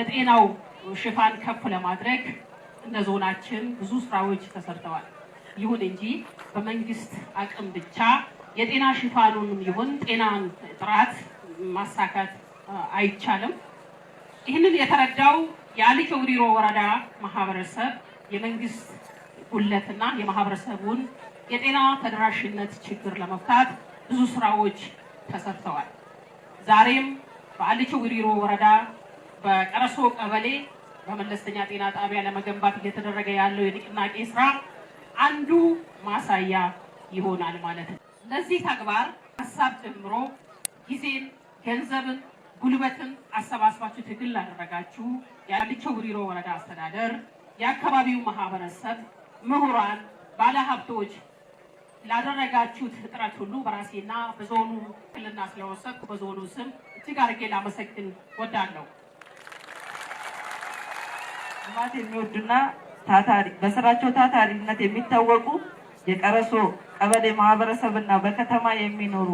በጤናው ሽፋን ከፍ ለማድረግ እንደ ዞናችን ብዙ ስራዎች ተሰርተዋል። ይሁን እንጂ በመንግስት አቅም ብቻ የጤና ሽፋኑንም ይሁን ጤናን ጥራት ማሳካት አይቻልም። ይህንን የተረዳው የአሊ ውዲሮ ወረዳ ማህበረሰብ የመንግስት ጉለትና የማህበረሰቡን የጤና ተደራሽነት ችግር ለመፍታት ብዙ ስራዎች ተሰርተዋል። ዛሬም በአሊ ውዲሮ ወረዳ በቀረሶ ቀበሌ በመለስተኛ ጤና ጣቢያ ለመገንባት እየተደረገ ያለው የንቅናቄ ስራ አንዱ ማሳያ ይሆናል ማለት ነው። ለዚህ ተግባር ሀሳብ ጀምሮ ጊዜን፣ ገንዘብን፣ ጉልበትን አሰባስባችሁ ትግል ላደረጋችሁ ያልቸው ውሪሮ ወረዳ አስተዳደር፣ የአካባቢው ማህበረሰብ፣ ምሁራን፣ ባለሀብቶች ላደረጋችሁት ጥረት ሁሉ በራሴና በዞኑ ክልና ስለወሰድኩ በዞኑ ስም እጅግ አድርጌ ላመሰግን ወዳለሁ። ልማት የሚወዱና ታታሪ በስራቸው ታታሪነት የሚታወቁ የቀረሶ ቀበሌ ማህበረሰብና በከተማ የሚኖሩ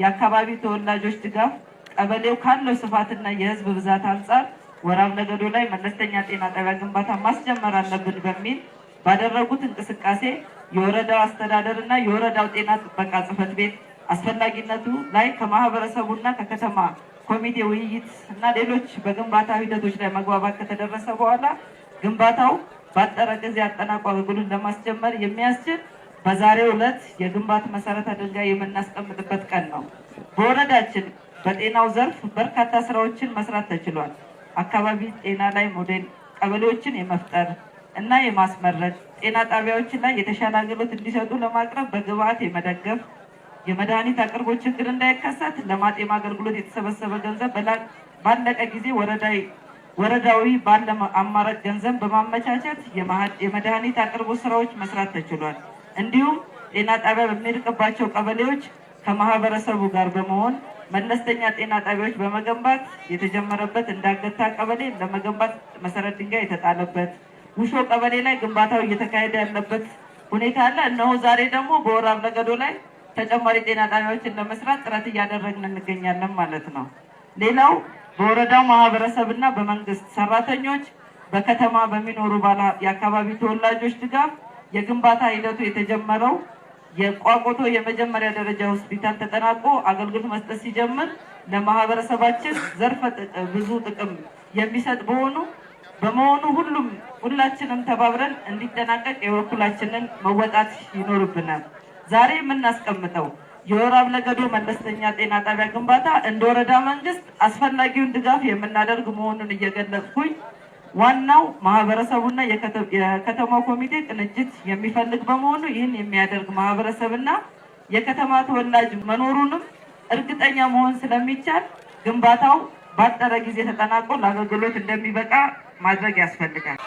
የአካባቢ ተወላጆች ድጋፍ ቀበሌው ካለው ስፋትና የህዝብ ብዛት አንጻር ወራብ ነገዶ ላይ መለስተኛ ጤና ጣቢያ ግንባታ ማስጀመር አለብን በሚል ባደረጉት እንቅስቃሴ የወረዳው አስተዳደር እና የወረዳው ጤና ጥበቃ ጽሕፈት ቤት አስፈላጊነቱ ላይ ከማህበረሰቡና ከከተማ ኮሚቴ ውይይት እና ሌሎች በግንባታ ሂደቶች ላይ መግባባት ከተደረሰ በኋላ ግንባታው ባጠረ ጊዜ አጠናቆ አገልግሎት ለማስጀመር የሚያስችል በዛሬው ዕለት የግንባት መሰረተ ድንጋይ የምናስቀምጥበት ቀን ነው። በወረዳችን በጤናው ዘርፍ በርካታ ስራዎችን መስራት ተችሏል። አካባቢ ጤና ላይ ሞዴል ቀበሌዎችን የመፍጠር እና የማስመረጥ ጤና ጣቢያዎችን ላይ የተሻለ አገልግሎት እንዲሰጡ ለማቅረብ በግብአት የመደገፍ የመድኃኒት አቅርቦት ችግር እንዳይከሰት ለማጤም አገልግሎት የተሰበሰበ ገንዘብ ባለቀ ጊዜ ወረዳዊ ባለ አማራጭ ገንዘብ በማመቻቸት የመድኃኒት አቅርቦት ስራዎች መስራት ተችሏል። እንዲሁም ጤና ጣቢያ በሚርቅባቸው ቀበሌዎች ከማህበረሰቡ ጋር በመሆን መለስተኛ ጤና ጣቢያዎች በመገንባት የተጀመረበት እንዳገታ ቀበሌ ለመገንባት መሰረት ድንጋይ የተጣለበት ውሾ ቀበሌ ላይ ግንባታው እየተካሄደ ያለበት ሁኔታ አለ። እነሆ ዛሬ ደግሞ በወራብ ለገዶ ላይ ተጨማሪ ጤና ጣቢያዎችን ለመስራት ጥረት እያደረግን እንገኛለን ማለት ነው። ሌላው በወረዳው ማህበረሰብ እና በመንግስት ሰራተኞች በከተማ በሚኖሩ የአካባቢ ተወላጆች ድጋፍ የግንባታ ሂደቱ የተጀመረው የቋቆቶ የመጀመሪያ ደረጃ ሆስፒታል ተጠናቆ አገልግሎት መስጠት ሲጀምር ለማህበረሰባችን ዘርፈ ብዙ ጥቅም የሚሰጥ በሆኑ በመሆኑ ሁሉም ሁላችንም ተባብረን እንዲጠናቀቅ የበኩላችንን መወጣት ይኖርብናል። ዛሬ የምናስቀምጠው የወራብ ለገዶ መለስተኛ ጤና ጣቢያ ግንባታ እንደ ወረዳ መንግስት አስፈላጊውን ድጋፍ የምናደርግ መሆኑን እየገለጽኩኝ ዋናው ማህበረሰቡና የከተማው ኮሚቴ ቅንጅት የሚፈልግ በመሆኑ ይህን የሚያደርግ ማህበረሰብና የከተማ ተወላጅ መኖሩንም እርግጠኛ መሆን ስለሚቻል ግንባታው ባጠረ ጊዜ ተጠናቆ ለአገልግሎት እንደሚበቃ ማድረግ ያስፈልጋል።